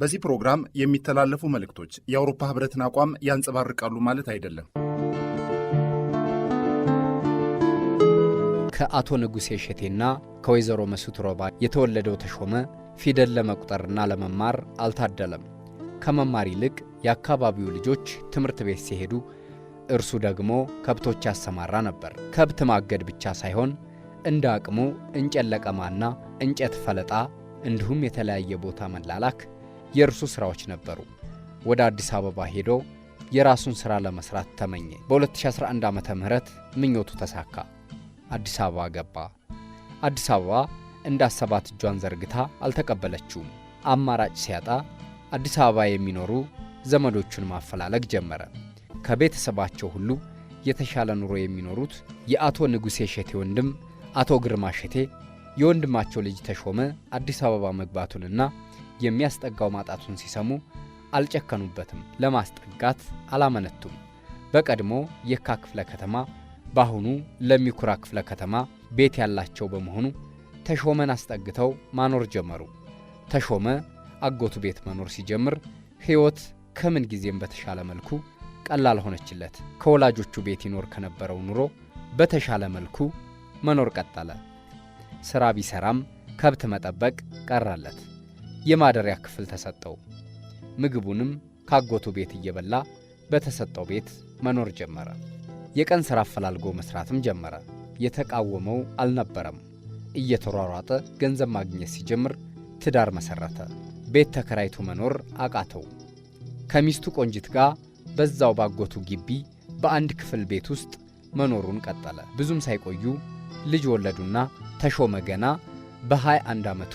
በዚህ ፕሮግራም የሚተላለፉ መልእክቶች የአውሮፓ ህብረትን አቋም ያንጸባርቃሉ ማለት አይደለም። ከአቶ ንጉሴ እሸቴና ከወይዘሮ መሱት ሮባ የተወለደው ተሾመ ፊደል ለመቁጠርና ለመማር አልታደለም። ከመማር ይልቅ የአካባቢው ልጆች ትምህርት ቤት ሲሄዱ እርሱ ደግሞ ከብቶች ያሰማራ ነበር። ከብት ማገድ ብቻ ሳይሆን እንደ አቅሙ እንጨት ለቀማና እንጨት ፈለጣ እንዲሁም የተለያየ ቦታ መላላክ የእርሱ ስራዎች ነበሩ። ወደ አዲስ አበባ ሄዶ የራሱን ስራ ለመስራት ተመኘ። በ2011 ዓ ም ምኞቱ ተሳካ። አዲስ አበባ ገባ። አዲስ አበባ እንዳሰባት እጇን ዘርግታ አልተቀበለችውም። አማራጭ ሲያጣ አዲስ አበባ የሚኖሩ ዘመዶቹን ማፈላለግ ጀመረ። ከቤተሰባቸው ሁሉ የተሻለ ኑሮ የሚኖሩት የአቶ ንጉሴ ሸቴ ወንድም አቶ ግርማ ሸቴ የወንድማቸው ልጅ ተሾመ አዲስ አበባ መግባቱንና የሚያስጠጋው ማጣቱን ሲሰሙ አልጨከኑበትም፣ ለማስጠጋት አላመነቱም። በቀድሞ የካ ክፍለ ከተማ በአሁኑ ለሚኩራ ክፍለ ከተማ ቤት ያላቸው በመሆኑ ተሾመን አስጠግተው ማኖር ጀመሩ። ተሾመ አጎቱ ቤት መኖር ሲጀምር ሕይወት ከምን ጊዜም በተሻለ መልኩ ቀላል ሆነችለት። ከወላጆቹ ቤት ይኖር ከነበረው ኑሮ በተሻለ መልኩ መኖር ቀጠለ። ሥራ ቢሰራም ከብት መጠበቅ ቀራለት። የማደሪያ ክፍል ተሰጠው። ምግቡንም ካጎቱ ቤት እየበላ በተሰጠው ቤት መኖር ጀመረ። የቀን ሥራ አፈላልጎ መሥራትም ጀመረ። የተቃወመው አልነበረም። እየተሯሯጠ ገንዘብ ማግኘት ሲጀምር ትዳር መሠረተ። ቤት ተከራይቶ መኖር አቃተው። ከሚስቱ ቆንጅት ጋር በዛው ባጎቱ ግቢ በአንድ ክፍል ቤት ውስጥ መኖሩን ቀጠለ። ብዙም ሳይቆዩ ልጅ ወለዱና ተሾመ ገና በ አንድ ዓመቱ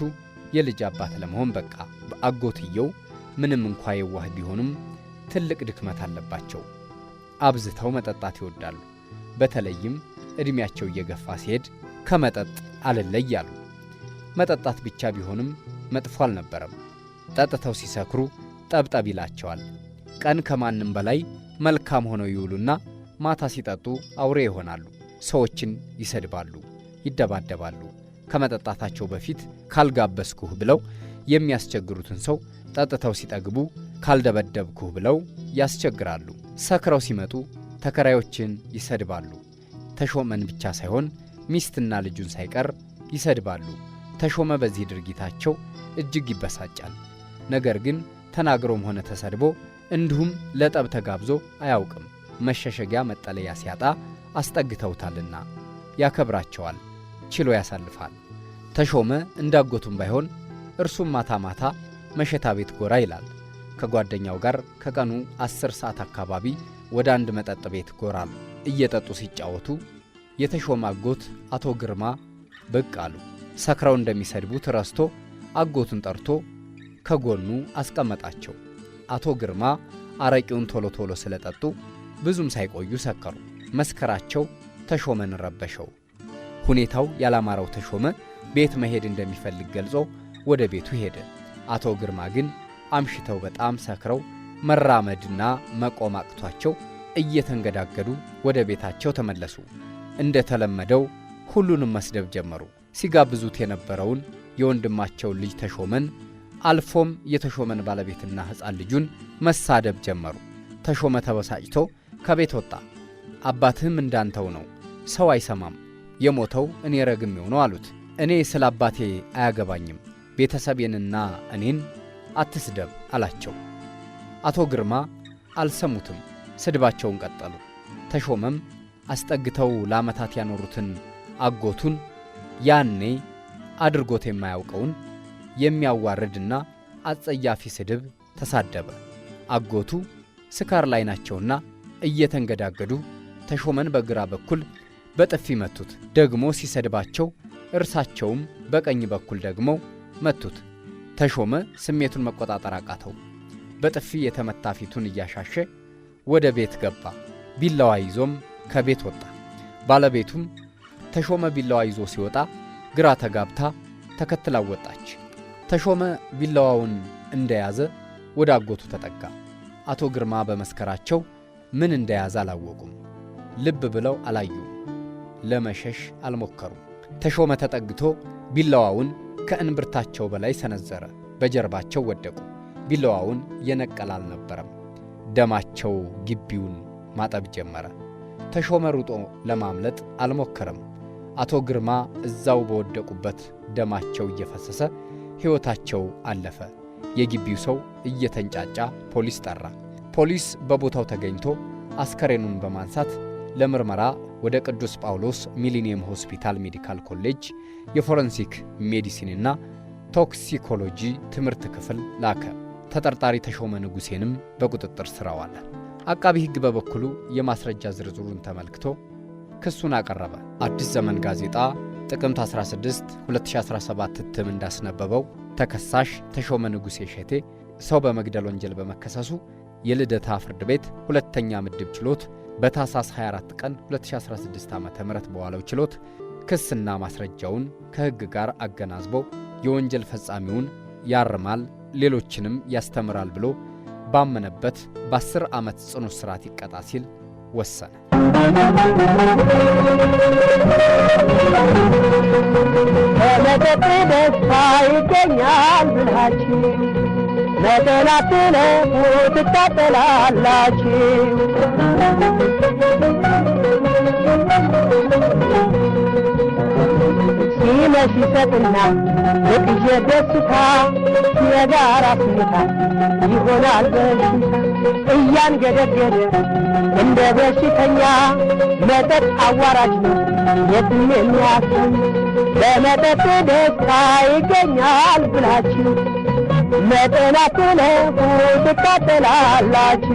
የልጅ አባት ለመሆን በቃ። አጎትየው ምንም እንኳ የዋህ ቢሆንም ትልቅ ድክመት አለባቸው። አብዝተው መጠጣት ይወዳሉ። በተለይም ዕድሜያቸው እየገፋ ሲሄድ ከመጠጥ አልለያሉ። መጠጣት ብቻ ቢሆንም መጥፎ አልነበረም። ጠጥተው ሲሰክሩ ጠብጠብ ይላቸዋል። ቀን ከማንም በላይ መልካም ሆነው ይውሉና ማታ ሲጠጡ አውሬ ይሆናሉ። ሰዎችን ይሰድባሉ፣ ይደባደባሉ። ከመጠጣታቸው በፊት ካልጋበዝኩህ ብለው የሚያስቸግሩትን ሰው ጠጥተው ሲጠግቡ ካልደበደብኩህ ብለው ያስቸግራሉ። ሰክረው ሲመጡ ተከራዮችን ይሰድባሉ። ተሾመን ብቻ ሳይሆን ሚስትና ልጁን ሳይቀር ይሰድባሉ። ተሾመ በዚህ ድርጊታቸው እጅግ ይበሳጫል። ነገር ግን ተናግሮም ሆነ ተሰድቦ እንዲሁም ለጠብ ተጋብዞ አያውቅም። መሸሸጊያ መጠለያ ሲያጣ አስጠግተውታልና ያከብራቸዋል፣ ችሎ ያሳልፋል። ተሾመ እንዳጎቱም ባይሆን እርሱም ማታ ማታ መሸታ ቤት ጎራ ይላል። ከጓደኛው ጋር ከቀኑ አስር ሰዓት አካባቢ ወደ አንድ መጠጥ ቤት ጎራሉ። እየጠጡ ሲጫወቱ የተሾመ አጎት አቶ ግርማ ብቅ አሉ። ሰክረው እንደሚሰድቡት ረስቶ አጎቱን ጠርቶ ከጎኑ አስቀመጣቸው። አቶ ግርማ አረቂውን ቶሎ ቶሎ ስለጠጡ ብዙም ሳይቆዩ ሰከሩ። መስከራቸው ተሾመን ረበሸው። ሁኔታው ያላማረው ተሾመ ቤት መሄድ እንደሚፈልግ ገልጾ ወደ ቤቱ ሄደ። አቶ ግርማ ግን አምሽተው በጣም ሰክረው መራመድና መቆም አቅቷቸው እየተንገዳገዱ ወደ ቤታቸው ተመለሱ። እንደተለመደው ሁሉንም መስደብ ጀመሩ። ሲጋብዙት የነበረውን የወንድማቸውን ልጅ ተሾመን አልፎም የተሾመን ባለቤትና ሕፃን ልጁን መሳደብ ጀመሩ። ተሾመ ተበሳጭቶ ከቤት ወጣ። አባትህም እንዳንተው ነው፣ ሰው አይሰማም፣ የሞተው እኔ ረግሜው ነው አሉት። እኔ ስለ አባቴ አያገባኝም፣ ቤተሰቤንና እኔን አትስደብ አላቸው። አቶ ግርማ አልሰሙትም፣ ስድባቸውን ቀጠሉ። ተሾመም አስጠግተው ለዓመታት ያኖሩትን አጎቱን ያኔ አድርጎት የማያውቀውን የሚያዋርድና አጸያፊ ስድብ ተሳደበ። አጎቱ ስካር ላይ ናቸውና እየተንገዳገዱ ተሾመን በግራ በኩል በጥፊ መቱት። ደግሞ ሲሰድባቸው እርሳቸውም በቀኝ በኩል ደግሞ መቱት። ተሾመ ስሜቱን መቆጣጠር አቃተው። በጥፊ የተመታ ፊቱን እያሻሸ ወደ ቤት ገባ። ቢላዋ ይዞም ከቤት ወጣ። ባለቤቱም ተሾመ ቢላዋ ይዞ ሲወጣ ግራ ተጋብታ ተከትላ ወጣች። ተሾመ ቢላዋውን እንደያዘ ወደ አጎቱ ተጠጋ። አቶ ግርማ በመስከራቸው ምን እንደያዘ አላወቁም። ልብ ብለው አላዩም። ለመሸሽ አልሞከሩም። ተሾመ ተጠግቶ ቢላዋውን ከእንብርታቸው በላይ ሰነዘረ። በጀርባቸው ወደቁ። ቢላዋውን የነቀል አልነበረም። ደማቸው ግቢውን ማጠብ ጀመረ። ተሾመ ሩጦ ለማምለጥ አልሞከረም። አቶ ግርማ እዛው በወደቁበት ደማቸው እየፈሰሰ ሕይወታቸው አለፈ። የግቢው ሰው እየተንጫጫ ፖሊስ ጠራ። ፖሊስ በቦታው ተገኝቶ አስከሬኑን በማንሳት ለምርመራ ወደ ቅዱስ ጳውሎስ ሚሊኒየም ሆስፒታል ሜዲካል ኮሌጅ የፎረንሲክ ሜዲሲንና ቶክሲኮሎጂ ትምህርት ክፍል ላከ። ተጠርጣሪ ተሾመ ንጉሴንም በቁጥጥር ስር አዋለ። አቃቢ ሕግ በበኩሉ የማስረጃ ዝርዝሩን ተመልክቶ ክሱን አቀረበ። አዲስ ዘመን ጋዜጣ ጥቅምት 16 2017 እትም እንዳስነበበው ተከሳሽ ተሾመ ንጉሴ ሸቴ ሰው በመግደል ወንጀል በመከሰሱ የልደታ ፍርድ ቤት ሁለተኛ ምድብ ችሎት በታሳስ 24 ቀን 2016 ዓ.ም በዋለው ችሎት ክስና ማስረጃውን ከሕግ ጋር አገናዝቦ የወንጀል ፈጻሚውን ያርማል፣ ሌሎችንም ያስተምራል ብሎ ባመነበት በ10 ዓመት ጽኑ እስራት ይቀጣ ሲል ወሰነ። በመጠጥ ደስታ ይገኛል ብላችሁ ለተላትለፉ ትቃጠላላችሁ። ሲመሽ ይሰጥና በቅዬ ደስታ የጋራ ስሜታ ይሆናል በሽታ እያንገደገደ እንደ በሽተኛ መጠጥ አዋራጅ ነው የትም የሚያሰኝ በመጠጥ ደስታ ይገኛል ብላችሁ መጠናቱን ሁሉ ትቃጠላላችሁ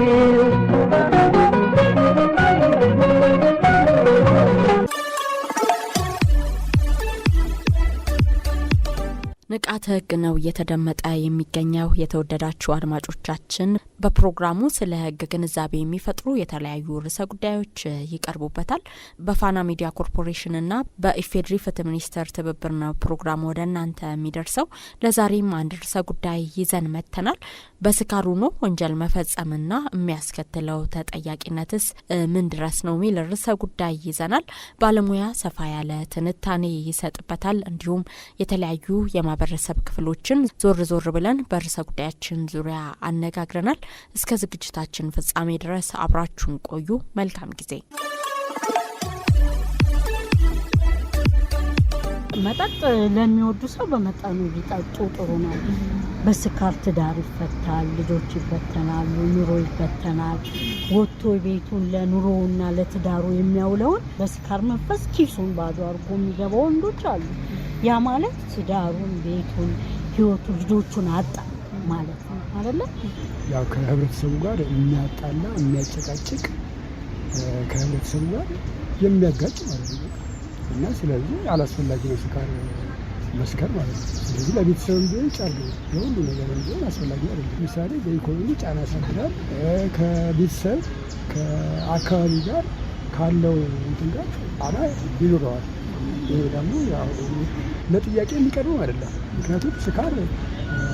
ንቃተ ህግ ነው እየተደመጠ የሚገኘው። የተወደዳችሁ አድማጮቻችን በፕሮግራሙ ስለ ህግ ግንዛቤ የሚፈጥሩ የተለያዩ ርዕሰ ጉዳዮች ይቀርቡበታል። በፋና ሚዲያ ኮርፖሬሽንና በኢፌድሪ ፍትህ ሚኒስቴር ትብብር ነው ፕሮግራሙ ወደ እናንተ የሚደርሰው። ለዛሬም አንድ ርዕሰ ጉዳይ ይዘን መጥተናል። በስካር ሆኖ ወንጀል መፈጸምና የሚያስከትለው ተጠያቂነትስ ምን ድረስ ነው የሚል ርዕሰ ጉዳይ ይዘናል። ባለሙያ ሰፋ ያለ ትንታኔ ይሰጥበታል። እንዲሁም የተለያዩ የማ የማህበረሰብ ክፍሎችን ዞር ዞር ብለን በርዕሰ ጉዳያችን ዙሪያ አነጋግረናል። እስከ ዝግጅታችን ፍጻሜ ድረስ አብራችሁን ቆዩ። መልካም ጊዜ። መጠጥ ለሚወዱ ሰው በመጠኑ ቢጠጡ ጥሩ ነው። በስካር ትዳር ይፈታል፣ ልጆች ይበተናሉ፣ ኑሮ ይበተናል። ወጥቶ ቤቱን ለኑሮውና ለትዳሩ የሚያውለውን በስካር መንፈስ ኪሱን ባዶ አድርጎ የሚገባ ወንዶች አሉ። ያ ማለት ትዳሩን፣ ቤቱን፣ ህይወቱ፣ ልጆቹን አጣ ማለት ነው አይደለ? ያው ከህብረተሰቡ ጋር የሚያጣላ የሚያጨቃጭቅ ከህብረተሰቡ ጋር የሚያጋጭ ማለት ነው። እና ስለዚህ አላስፈላጊ ነው ስካር መስከር ማለት ነው። ስለዚህ ለቤተሰብም ቢሆን ጫል ለሁሉ ነገር ቢሆን አስፈላጊ አይደለም። ምሳሌ በኢኮኖሚ ጫና ያሳድራል። ከቤተሰብ ከአካባቢ ጋር ካለው እንትን ጋር ጫና ይኖረዋል። ይሄ ደግሞ ያው ለጥያቄ የሚቀርብም አይደለም። ምክንያቱም ስካር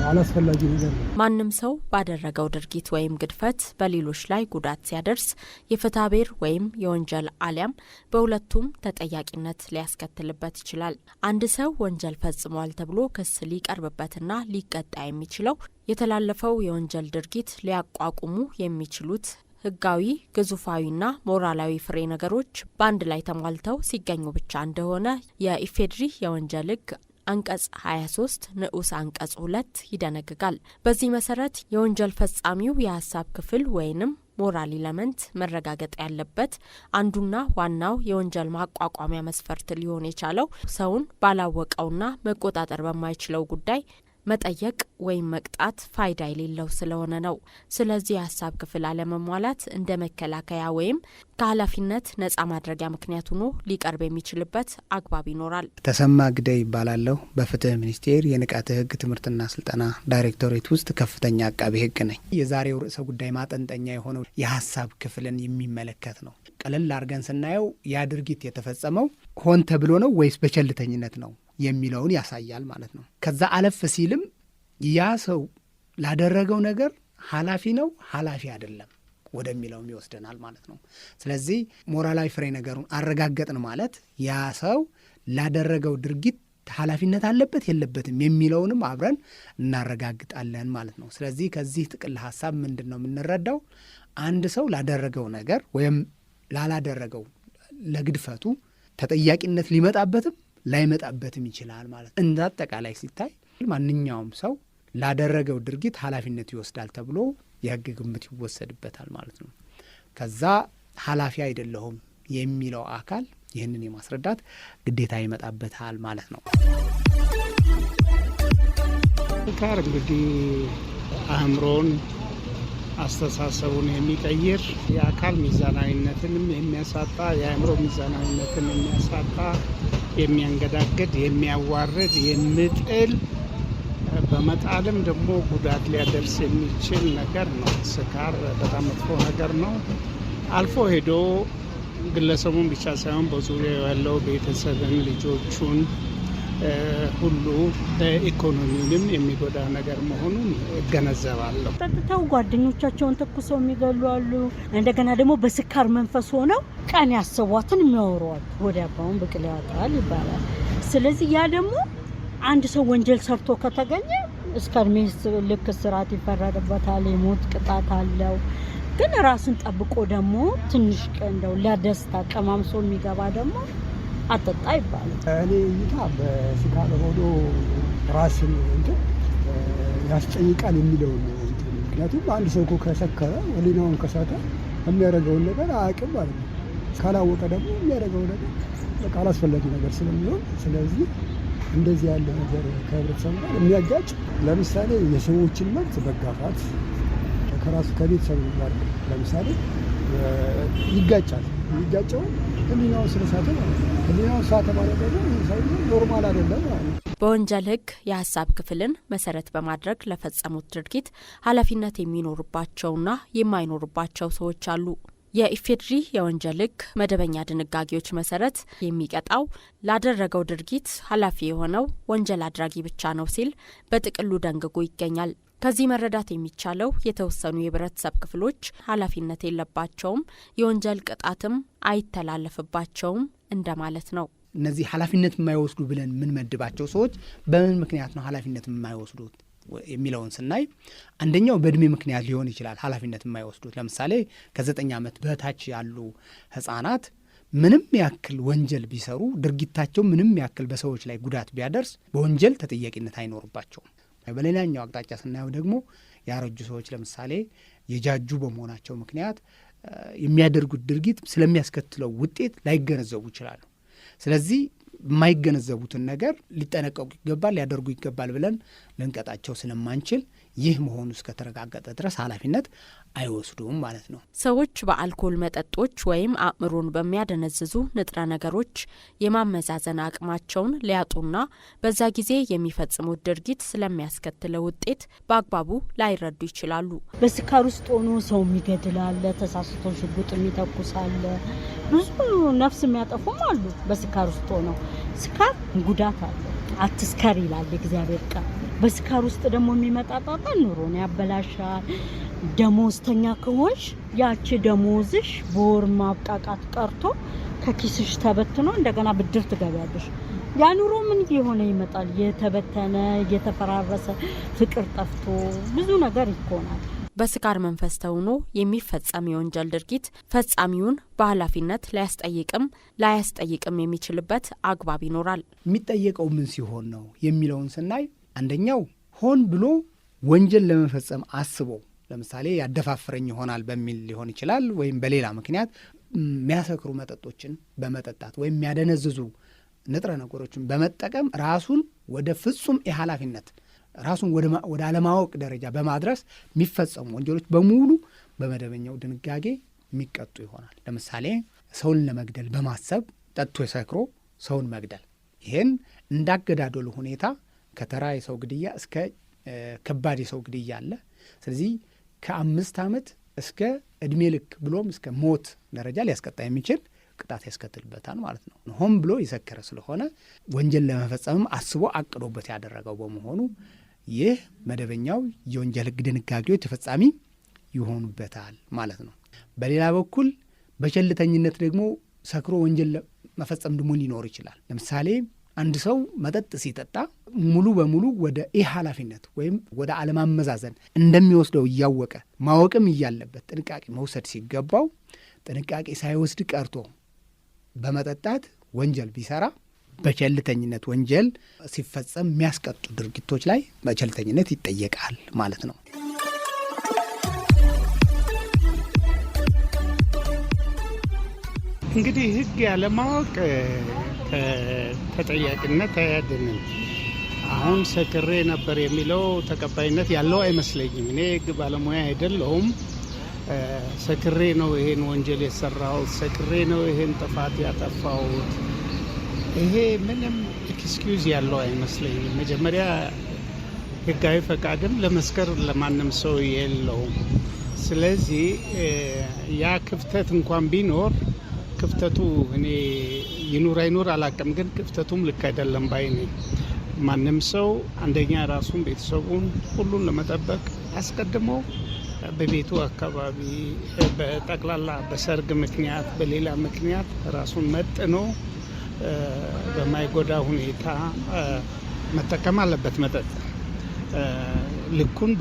አላስፈላጊ ነገር ነው። ማንም ሰው ባደረገው ድርጊት ወይም ግድፈት በሌሎች ላይ ጉዳት ሲያደርስ የፍትሐብሔር ወይም የወንጀል አሊያም በሁለቱም ተጠያቂነት ሊያስከትልበት ይችላል። አንድ ሰው ወንጀል ፈጽሟል ተብሎ ክስ ሊቀርብበትና ሊቀጣ የሚችለው የተላለፈው የወንጀል ድርጊት ሊያቋቁሙ የሚችሉት ህጋዊ ግዙፋዊና ሞራላዊ ፍሬ ነገሮች በአንድ ላይ ተሟልተው ሲገኙ ብቻ እንደሆነ የኢፌድሪ የወንጀል ህግ አንቀጽ 23 ንዑስ አንቀጽ ሁለት ይደነግጋል። በዚህ መሰረት የወንጀል ፈጻሚው የሀሳብ ክፍል ወይንም ሞራል ኢለመንት መረጋገጥ ያለበት አንዱና ዋናው የወንጀል ማቋቋሚያ መስፈርት ሊሆን የቻለው ሰውን ባላወቀውና መቆጣጠር በማይችለው ጉዳይ መጠየቅ ወይም መቅጣት ፋይዳ የሌለው ስለሆነ ነው። ስለዚህ የሀሳብ ክፍል አለመሟላት እንደ መከላከያ ወይም ከኃላፊነት ነጻ ማድረጊያ ምክንያት ሆኖ ሊቀርብ የሚችልበት አግባብ ይኖራል። ተሰማ ግደይ ይባላለሁ። በፍትህ ሚኒስቴር የንቃተ ህግ ትምህርትና ስልጠና ዳይሬክቶሬት ውስጥ ከፍተኛ አቃቤ ህግ ነኝ። የዛሬው ርዕሰ ጉዳይ ማጠንጠኛ የሆነው የሀሳብ ክፍልን የሚመለከት ነው። ቀለል አድርገን ስናየው ያ ድርጊት የተፈጸመው ሆን ተብሎ ነው ወይስ በቸልተኝነት ነው? የሚለውን ያሳያል ማለት ነው። ከዛ አለፍ ሲልም ያ ሰው ላደረገው ነገር ኃላፊ ነው ኃላፊ አይደለም ወደሚለውም ይወስደናል ማለት ነው። ስለዚህ ሞራላዊ ፍሬ ነገሩን አረጋገጥን ማለት ያ ሰው ላደረገው ድርጊት ኃላፊነት አለበት የለበትም የሚለውንም አብረን እናረጋግጣለን ማለት ነው። ስለዚህ ከዚህ ጥቅል ሀሳብ ምንድን ነው የምንረዳው? አንድ ሰው ላደረገው ነገር ወይም ላላደረገው ለግድፈቱ ተጠያቂነት ሊመጣበትም ላይመጣበትም ይችላል ማለት እንደ አጠቃላይ ሲታይ ማንኛውም ሰው ላደረገው ድርጊት ኃላፊነት ይወስዳል ተብሎ የህግ ግምት ይወሰድበታል ማለት ነው። ከዛ ኃላፊ አይደለሁም የሚለው አካል ይህንን የማስረዳት ግዴታ ይመጣበታል ማለት ነው። እንግዲህ አእምሮን አስተሳሰቡን የሚቀይር የአካል ሚዛናዊነትንም የሚያሳጣ የአእምሮ ሚዛናዊነትን የሚያሳጣ የሚያንገዳግድ፣ የሚያዋርድ፣ የሚጥል በመጣልም ደግሞ ጉዳት ሊያደርስ የሚችል ነገር ነው። ስካር በጣም መጥፎ ነገር ነው። አልፎ ሄዶ ግለሰቡን ብቻ ሳይሆን በዙሪያው ያለው ቤተሰብን፣ ልጆቹን ሁሉ ኢኮኖሚንም የሚጎዳ ነገር መሆኑን እገነዘባለሁ። ጠጥተው ጓደኞቻቸውን ተኩሰው የሚገሉ አሉ። እንደገና ደግሞ በስካር መንፈስ ሆነው ቀን ያሰቧትን የሚያወሯል። ወደ አባውን ብቅል ያወጣል ይባላል። ስለዚህ ያ ደግሞ አንድ ሰው ወንጀል ሰርቶ ከተገኘ እስከ እድሜ ልክ ስርዓት ይፈረድበታል። የሞት ቅጣት አለው። ግን ራስን ጠብቆ ደግሞ ትንሽ እንደው ለደስታ ቀማምሶ የሚገባ ደግሞ አጠጣ ይባላል። እኔ እይታ በስጋ ለሆዶ ራስን እንትን ያስጨይቃል የሚለውን ምክንያቱም አንድ ሰው እኮ ከሰከረ ወሊናውን ከሳተ የሚያደርገውን ነገር አያውቅም ማለት ነው። ካላወቀ ደግሞ የሚያደርገው ነገር በቃ አላስፈላጊ ነገር ስለሚሆን ስለዚህ እንደዚህ ያለ ነገር ከህብረተሰቡ ጋር የሚያጋጭ ለምሳሌ የሰዎችን መብት መጋፋት ከራሱ ከቤተሰቡ ጋር ለምሳሌ ይጋጫል። የሚጋጨው ህሊናው ስለሳተ ማለት ህሊናው ሳተ ማለት ደግሞ ይህ ሰው ኖርማል አይደለም ማለት ነው። በወንጀል ህግ የሀሳብ ክፍልን መሰረት በማድረግ ለፈጸሙት ድርጊት ኃላፊነት የሚኖርባቸውና የማይኖርባቸው ሰዎች አሉ። የኢፌድሪ የወንጀል ህግ መደበኛ ድንጋጌዎች መሰረት የሚቀጣው ላደረገው ድርጊት ኃላፊ የሆነው ወንጀል አድራጊ ብቻ ነው ሲል በጥቅሉ ደንግጎ ይገኛል። ከዚህ መረዳት የሚቻለው የተወሰኑ የህብረተሰብ ክፍሎች ኃላፊነት የለባቸውም፣ የወንጀል ቅጣትም አይተላለፍባቸውም እንደማለት ነው። እነዚህ ኃላፊነት የማይወስዱ ብለን የምንመድባቸው ሰዎች በምን ምክንያት ነው ኃላፊነት የማይወስዱት የሚለውን ስናይ አንደኛው በእድሜ ምክንያት ሊሆን ይችላል። ኃላፊነት የማይወስዱት ለምሳሌ ከዘጠኝ ዓመት በታች ያሉ ህጻናት ምንም ያክል ወንጀል ቢሰሩ ድርጊታቸው ምንም ያክል በሰዎች ላይ ጉዳት ቢያደርስ በወንጀል ተጠያቂነት አይኖርባቸውም። በሌላኛው አቅጣጫ ስናየው ደግሞ ያረጁ ሰዎች ለምሳሌ የጃጁ በመሆናቸው ምክንያት የሚያደርጉት ድርጊት ስለሚያስከትለው ውጤት ላይገነዘቡ ይችላሉ። ስለዚህ የማይገነዘቡትን ነገር ሊጠነቀቁ ይገባል፣ ሊያደርጉ ይገባል ብለን ልንቀጣቸው ስለማንችል ይህ መሆኑ እስከተረጋገጠ ድረስ ኃላፊነት አይወስዱም ማለት ነው። ሰዎች በአልኮል መጠጦች ወይም አእምሮን በሚያደነዝዙ ንጥረ ነገሮች የማመዛዘን አቅማቸውን ሊያጡና በዛ ጊዜ የሚፈጽሙት ድርጊት ስለሚያስከትለው ውጤት በአግባቡ ላይረዱ ይችላሉ። በስካር ውስጥ ሆኖ ሰው የሚገድላለ፣ ተሳስቶ ሽጉጥ የሚተኩሳለ፣ ብዙ ነፍስ የሚያጠፉም አሉ። በስካር ውስጥ ሆነው ስካር ጉዳት አለ። አትስከር ይላል እግዚአብሔር ቃል በስካር ውስጥ ደግሞ የሚመጣጣጣ ኑሮን ያበላሻል። ደሞዝተኛ ከሆንሽ ያቺ ደሞዝሽ በወር ማብቃቃት ቀርቶ ከኪስሽ ተበትኖ እንደገና ብድር ትገቢያለሽ። ያ ኑሮ ምን የሆነ ይመጣል? የተበተነ የተፈራረሰ ፍቅር ጠፍቶ ብዙ ነገር ይኮናል። በስካር መንፈስ ተውኖ የሚፈጸም የወንጀል ድርጊት ፈጻሚውን በኃላፊነት ሊያስጠይቅም ላያስጠይቅም የሚችልበት አግባብ ይኖራል። የሚጠየቀው ምን ሲሆን ነው የሚለውን ስናይ አንደኛው ሆን ብሎ ወንጀል ለመፈጸም አስቦ ለምሳሌ ያደፋፍረኝ ይሆናል በሚል ሊሆን ይችላል። ወይም በሌላ ምክንያት የሚያሰክሩ መጠጦችን በመጠጣት ወይም የሚያደነዝዙ ንጥረ ነገሮችን በመጠቀም ራሱን ወደ ፍጹም የኃላፊነት ራሱን ወደ አለማወቅ ደረጃ በማድረስ የሚፈጸሙ ወንጀሎች በሙሉ በመደበኛው ድንጋጌ የሚቀጡ ይሆናል። ለምሳሌ ሰውን ለመግደል በማሰብ ጠጥቶ የሰክሮ ሰውን መግደል፣ ይህን እንዳገዳደሉ ሁኔታ ከተራ የሰው ግድያ እስከ ከባድ የሰው ግድያ አለ። ስለዚህ ከአምስት ዓመት እስከ እድሜ ልክ ብሎም እስከ ሞት ደረጃ ሊያስቀጣ የሚችል ቅጣት ያስከትልበታል ማለት ነው። ሆን ብሎ የሰከረ ስለሆነ ወንጀል ለመፈጸምም አስቦ አቅዶበት ያደረገው በመሆኑ ይህ መደበኛው የወንጀል ሕግ ድንጋጌዎች ተፈጻሚ ይሆኑበታል ማለት ነው። በሌላ በኩል በቸልተኝነት ደግሞ ሰክሮ ወንጀል መፈጸም ድሞ ሊኖር ይችላል። ለምሳሌ አንድ ሰው መጠጥ ሲጠጣ ሙሉ በሙሉ ወደ ይህ ኃላፊነት ወይም ወደ አለማመዛዘን እንደሚወስደው እያወቀ ማወቅም እያለበት ጥንቃቄ መውሰድ ሲገባው ጥንቃቄ ሳይወስድ ቀርቶ በመጠጣት ወንጀል ቢሰራ በቸልተኝነት ወንጀል ሲፈጸም የሚያስቀጡ ድርጊቶች ላይ በቸልተኝነት ይጠየቃል ማለት ነው። እንግዲህ ህግ ያለማወቅ ተጠያቂነት አያድንም። አሁን ሰክሬ ነበር የሚለው ተቀባይነት ያለው አይመስለኝም። እኔ ህግ ባለሙያ አይደለሁም። ሰክሬ ነው ይሄን ወንጀል የሰራሁት፣ ሰክሬ ነው ይሄን ጥፋት ያጠፋሁት፣ ይሄ ምንም ኤክስኪዩዝ ያለው አይመስለኝም። መጀመሪያ ህጋዊ ፈቃድም ለመስከር ለማንም ሰው የለውም። ስለዚህ ያ ክፍተት እንኳን ቢኖር ክፍተቱ እኔ ይኑር አይኑር አላቅም፣ ግን ክፍተቱም ልክ አይደለም ባይ ነኝ። ማንም ሰው አንደኛ ራሱን ቤተሰቡን ሁሉን ለመጠበቅ አስቀድሞ በቤቱ አካባቢ በጠቅላላ በሰርግ ምክንያት በሌላ ምክንያት ራሱን መጥኖ በማይጎዳ ሁኔታ መጠቀም አለበት። መጠጥ ልኩን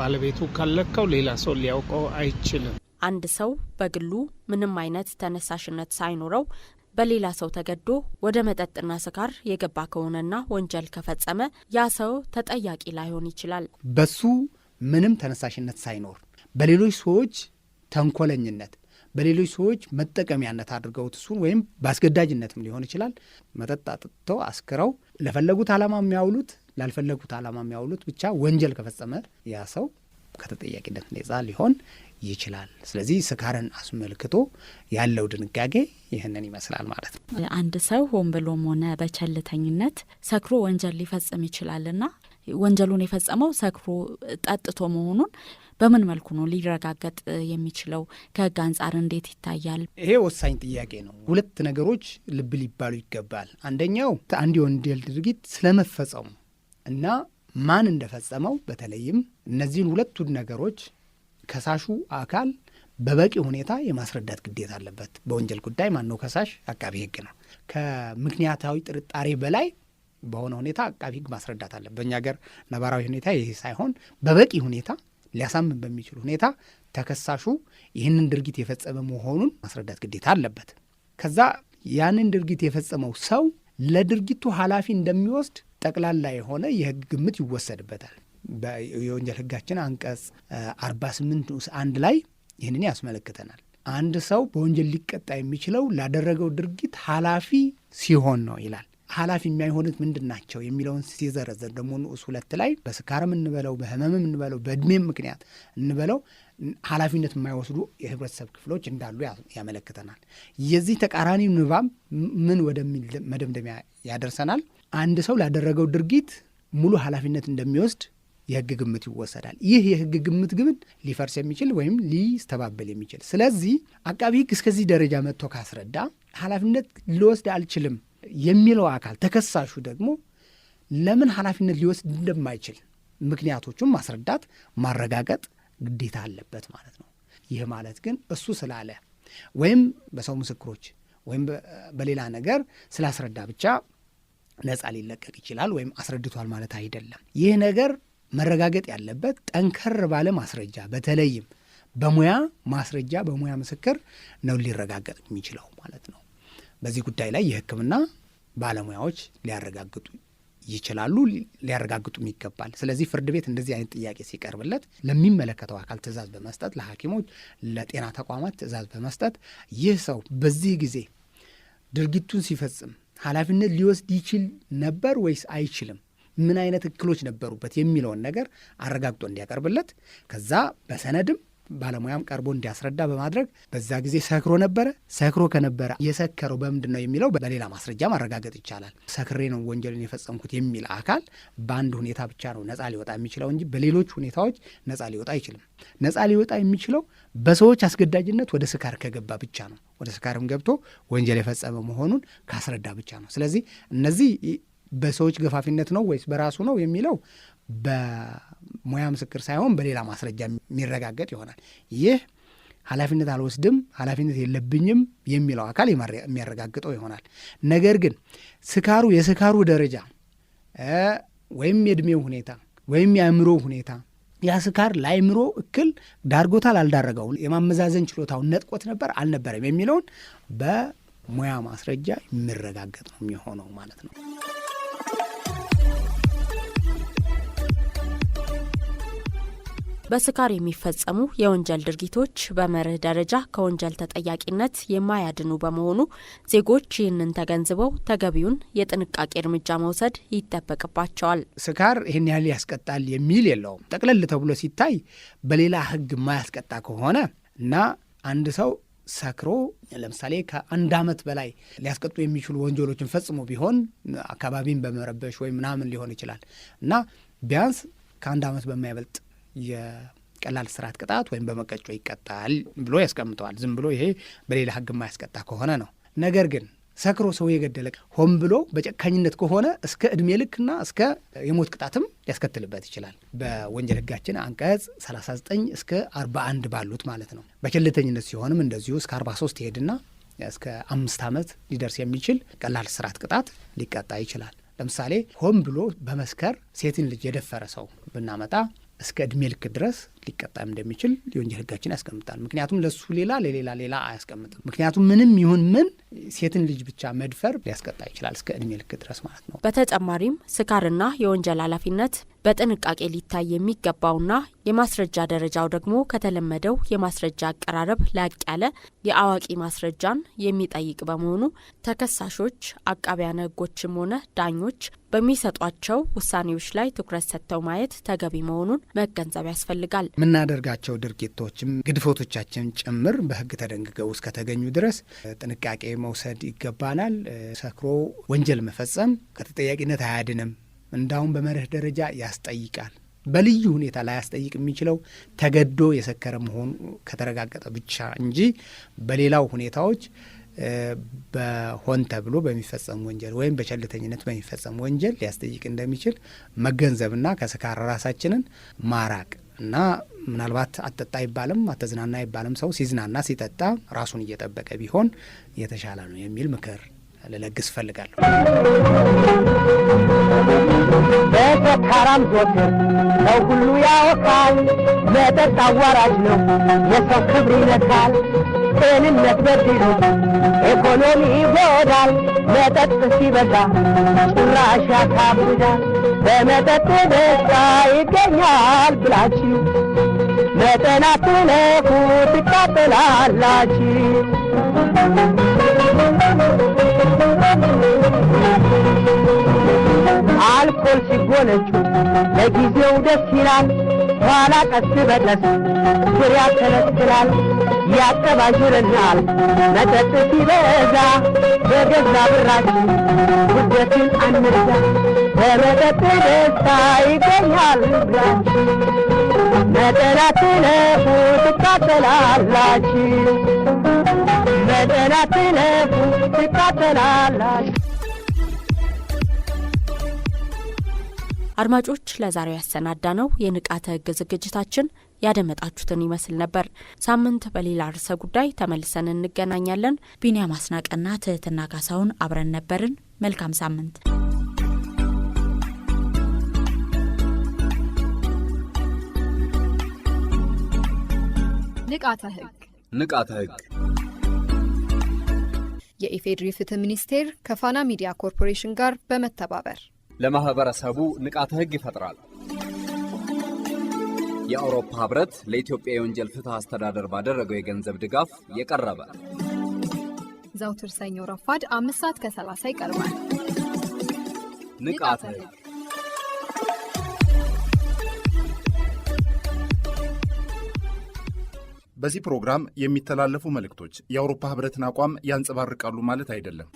ባለቤቱ ካልለካው ሌላ ሰው ሊያውቀው አይችልም። አንድ ሰው በግሉ ምንም አይነት ተነሳሽነት ሳይኖረው በሌላ ሰው ተገዶ ወደ መጠጥና ስካር የገባ ከሆነና ወንጀል ከፈጸመ ያ ሰው ተጠያቂ ላይሆን ይችላል። በሱ ምንም ተነሳሽነት ሳይኖር በሌሎች ሰዎች ተንኮለኝነት፣ በሌሎች ሰዎች መጠቀሚያነት አድርገውት እሱን ወይም በአስገዳጅነትም ሊሆን ይችላል መጠጥ አጥጥተው አስክረው ለፈለጉት ዓላማ የሚያውሉት ላልፈለጉት ዓላማ የሚያውሉት ብቻ ወንጀል ከፈጸመ ያ ሰው ከተጠያቂነት ነጻ ሊሆን ይችላል። ስለዚህ ስካርን አስመልክቶ ያለው ድንጋጌ ይህንን ይመስላል ማለት ነው። አንድ ሰው ሆን ብሎም ሆነ በቸልተኝነት ሰክሮ ወንጀል ሊፈጽም ይችላልና ወንጀሉን የፈጸመው ሰክሮ ጠጥቶ መሆኑን በምን መልኩ ነው ሊረጋገጥ የሚችለው? ከህግ አንጻር እንዴት ይታያል? ይሄ ወሳኝ ጥያቄ ነው። ሁለት ነገሮች ልብ ሊባሉ ይገባል። አንደኛው አንድ የወንጀል ድርጊት ስለመፈጸሙ እና ማን እንደፈጸመው በተለይም እነዚህን ሁለቱን ነገሮች ከሳሹ አካል በበቂ ሁኔታ የማስረዳት ግዴታ አለበት። በወንጀል ጉዳይ ማነው ከሳሽ? አቃቢ ህግ ነው። ከምክንያታዊ ጥርጣሬ በላይ በሆነ ሁኔታ አቃቢ ህግ ማስረዳት አለበት። በእኛ ሀገር ነባራዊ ሁኔታ ይህ ሳይሆን በበቂ ሁኔታ ሊያሳምን በሚችል ሁኔታ ተከሳሹ ይህንን ድርጊት የፈጸመ መሆኑን ማስረዳት ግዴታ አለበት። ከዛ ያንን ድርጊት የፈጸመው ሰው ለድርጊቱ ኃላፊ እንደሚወስድ ጠቅላላ የሆነ የህግ ግምት ይወሰድበታል። የወንጀል ህጋችን አንቀጽ 48 ንዑስ አንድ ላይ ይህንን ያስመለክተናል። አንድ ሰው በወንጀል ሊቀጣ የሚችለው ላደረገው ድርጊት ኃላፊ ሲሆን ነው ይላል። ኃላፊ የሚያይሆኑት ምንድን ናቸው የሚለውን ሲዘረዘር ደግሞ ንዑስ ሁለት ላይ በስካርም እንበለው በህመምም እንበለው በእድሜም ምክንያት እንበለው ኃላፊነት የማይወስዱ የህብረተሰብ ክፍሎች እንዳሉ ያመለክተናል። የዚህ ተቃራኒ ንባብ ምን ወደሚል መደምደሚያ ያደርሰናል? አንድ ሰው ላደረገው ድርጊት ሙሉ ኃላፊነት እንደሚወስድ የህግ ግምት ይወሰዳል። ይህ የህግ ግምት ግን ሊፈርስ የሚችል ወይም ሊስተባበል የሚችል ስለዚህ አቃቢ ህግ እስከዚህ ደረጃ መጥቶ ካስረዳ ኃላፊነት ሊወስድ አልችልም የሚለው አካል ተከሳሹ ደግሞ ለምን ኃላፊነት ሊወስድ እንደማይችል ምክንያቶቹም ማስረዳት ማረጋገጥ ግዴታ አለበት ማለት ነው። ይህ ማለት ግን እሱ ስላለ ወይም በሰው ምስክሮች ወይም በሌላ ነገር ስላስረዳ ብቻ ነፃ ሊለቀቅ ይችላል ወይም አስረድቷል ማለት አይደለም። ይህ ነገር መረጋገጥ ያለበት ጠንከር ባለ ማስረጃ፣ በተለይም በሙያ ማስረጃ በሙያ ምስክር ነው ሊረጋገጥ የሚችለው ማለት ነው። በዚህ ጉዳይ ላይ የሕክምና ባለሙያዎች ሊያረጋግጡ ይችላሉ፣ ሊያረጋግጡም ይገባል። ስለዚህ ፍርድ ቤት እንደዚህ አይነት ጥያቄ ሲቀርብለት ለሚመለከተው አካል ትዕዛዝ በመስጠት ለሐኪሞች፣ ለጤና ተቋማት ትዕዛዝ በመስጠት ይህ ሰው በዚህ ጊዜ ድርጊቱን ሲፈጽም ኃላፊነት ሊወስድ ይችል ነበር ወይስ አይችልም፣ ምን አይነት እክሎች ነበሩበት የሚለውን ነገር አረጋግጦ እንዲያቀርብለት ከዛ በሰነድም ባለሙያም ቀርቦ እንዲያስረዳ በማድረግ በዛ ጊዜ ሰክሮ ነበረ። ሰክሮ ከነበረ የሰከረው በምንድን ነው የሚለው በሌላ ማስረጃ ማረጋገጥ ይቻላል። ሰክሬ ነው ወንጀልን የፈጸምኩት የሚል አካል በአንድ ሁኔታ ብቻ ነው ነጻ ሊወጣ የሚችለው እንጂ በሌሎች ሁኔታዎች ነጻ ሊወጣ አይችልም። ነጻ ሊወጣ የሚችለው በሰዎች አስገዳጅነት ወደ ስካር ከገባ ብቻ ነው። ወደ ስካርም ገብቶ ወንጀል የፈጸመ መሆኑን ካስረዳ ብቻ ነው። ስለዚህ እነዚህ በሰዎች ገፋፊነት ነው ወይስ በራሱ ነው የሚለው ሙያ ምስክር ሳይሆን በሌላ ማስረጃ የሚረጋገጥ ይሆናል። ይህ ኃላፊነት አልወስድም፣ ኃላፊነት የለብኝም የሚለው አካል የሚያረጋግጠው ይሆናል። ነገር ግን ስካሩ የስካሩ ደረጃ ወይም የእድሜው ሁኔታ ወይም የአእምሮ ሁኔታ ያ ስካር ለአእምሮ እክል ዳርጎታል አልዳረገው፣ የማመዛዘን ችሎታውን ነጥቆት ነበር አልነበረም የሚለውን በሙያ ማስረጃ የሚረጋገጥ ነው የሚሆነው ማለት ነው። በስካር የሚፈጸሙ የወንጀል ድርጊቶች በመርህ ደረጃ ከወንጀል ተጠያቂነት የማያድኑ በመሆኑ ዜጎች ይህንን ተገንዝበው ተገቢውን የጥንቃቄ እርምጃ መውሰድ ይጠበቅባቸዋል። ስካር ይህን ያህል ያስቀጣል የሚል የለውም። ጠቅለል ተብሎ ሲታይ በሌላ ሕግ የማያስቀጣ ከሆነ እና አንድ ሰው ሰክሮ ለምሳሌ ከአንድ ዓመት በላይ ሊያስቀጡ የሚችሉ ወንጀሎችን ፈጽሞ ቢሆን አካባቢን በመረበሽ ወይም ምናምን ሊሆን ይችላል እና ቢያንስ ከአንድ ዓመት በማይበልጥ የቀላል ስርዓት ቅጣት ወይም በመቀጮ ይቀጣል ብሎ ያስቀምጠዋል። ዝም ብሎ ይሄ በሌላ ህግ የማያስቀጣ ከሆነ ነው። ነገር ግን ሰክሮ ሰው የገደለ ሆን ብሎ በጨካኝነት ከሆነ እስከ እድሜ ልክና እስከ የሞት ቅጣትም ሊያስከትልበት ይችላል። በወንጀል ህጋችን አንቀጽ 39 እስከ 41 ባሉት ማለት ነው። በቸልተኝነት ሲሆንም እንደዚሁ እስከ 43 ይሄድና እስከ አምስት ዓመት ሊደርስ የሚችል ቀላል እስራት ቅጣት ሊቀጣ ይችላል። ለምሳሌ ሆን ብሎ በመስከር ሴትን ልጅ የደፈረ ሰው ብናመጣ እስከ ዕድሜ ልክ ድረስ ሊቀጣ እንደሚችል የወንጀል ህጋችን ያስቀምጣል። ምክንያቱም ለሱ ሌላ ለሌላ ሌላ አያስቀምጥም። ምክንያቱም ምንም ይሁን ምን ሴትን ልጅ ብቻ መድፈር ሊያስቀጣ ይችላል እስከ እድሜ ልክ ድረስ ማለት ነው። በተጨማሪም ስካርና የወንጀል ኃላፊነት በጥንቃቄ ሊታይ የሚገባውና የማስረጃ ደረጃው ደግሞ ከተለመደው የማስረጃ አቀራረብ ላቅ ያለ የአዋቂ ማስረጃን የሚጠይቅ በመሆኑ ተከሳሾች፣ አቃቢያነ ህጎችም ሆነ ዳኞች በሚሰጧቸው ውሳኔዎች ላይ ትኩረት ሰጥተው ማየት ተገቢ መሆኑን መገንዘብ ያስፈልጋል። የምናደርጋቸው ድርጊቶችም ግድፎቶቻችን ጭምር በህግ ተደንግገው እስከተገኙ ድረስ ጥንቃቄ መውሰድ ይገባናል። ሰክሮ ወንጀል መፈጸም ከተጠያቂነት አያድንም። እንዳሁም በመርህ ደረጃ ያስጠይቃል። በልዩ ሁኔታ ላይ ያስጠይቅ የሚችለው ተገዶ የሰከረ መሆኑ ከተረጋገጠ ብቻ እንጂ በሌላው ሁኔታዎች በሆን ተብሎ በሚፈጸም ወንጀል ወይም በቸልተኝነት በሚፈጸም ወንጀል ሊያስጠይቅ እንደሚችል መገንዘብና ከስካር ራሳችንን ማራቅ እና ምናልባት አትጠጣ አይባልም፣ አተዝናና አይባልም። ሰው ሲዝናና ሲጠጣ ራሱን እየጠበቀ ቢሆን የተሻለ ነው የሚል ምክር ልለግስ እፈልጋለሁ። በሰካራም ዞትር ሰው ሁሉ ያወካል። መጠጥ አዋራጅ ነው፣ የሰው ክብር ይነካል። ጤንነት በድሉ ኢኮኖሚ ይጎዳል። መጠጥ ሲበዛ ጭራሽ ያካብዳል። በመጠጥ ደስታ ይገኛል ብላችሁ መጠን አትለፉ፣ ትቃጠላላችሁ። አልኮል ሲጎነጩ ለጊዜው ደስ ይላል። ኋላ ቀስ በለስ ዙሪያ ያከለክላል ያቀባዥርናል መጠጥ ሲበዛ በገዛ ብራችን ጉደትን አንርዳ በመጠጥ ደስታ ይገኛል ብላችሁ መጠና ትለፉ ትቃጠላላችሁ መጠና ትለፉ ትቃጠላላችሁ አድማጮች ለዛሬው ያሰናዳ ነው የንቃተ ህግ ዝግጅታችን ያደመጣችሁትን ይመስል ነበር። ሳምንት በሌላ ርዕሰ ጉዳይ ተመልሰን እንገናኛለን። ቢኒያም አስናቀና ትህትና ካሳውን አብረን ነበርን። መልካም ሳምንት። ንቃተ ህግ ንቃተ ህግ የኢፌዴሪ ፍትህ ሚኒስቴር ከፋና ሚዲያ ኮርፖሬሽን ጋር በመተባበር ለማህበረሰቡ ንቃተ ህግ ይፈጥራል። የአውሮፓ ህብረት ለኢትዮጵያ የወንጀል ፍትህ አስተዳደር ባደረገው የገንዘብ ድጋፍ የቀረበ ዘውትር ሰኞ ረፋድ አምስት ሰዓት ከሰላሳ ይቀርባል። ንቃተ ህግ በዚህ ፕሮግራም የሚተላለፉ መልእክቶች የአውሮፓ ህብረትን አቋም ያንጸባርቃሉ ማለት አይደለም።